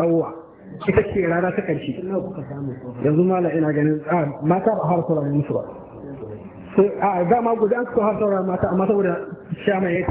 tsawa ita ce rana ta karshe yanzu mala ina ganin mata ba har sauran musu ba a dama guda an suka har sauran mata amma saboda sha mai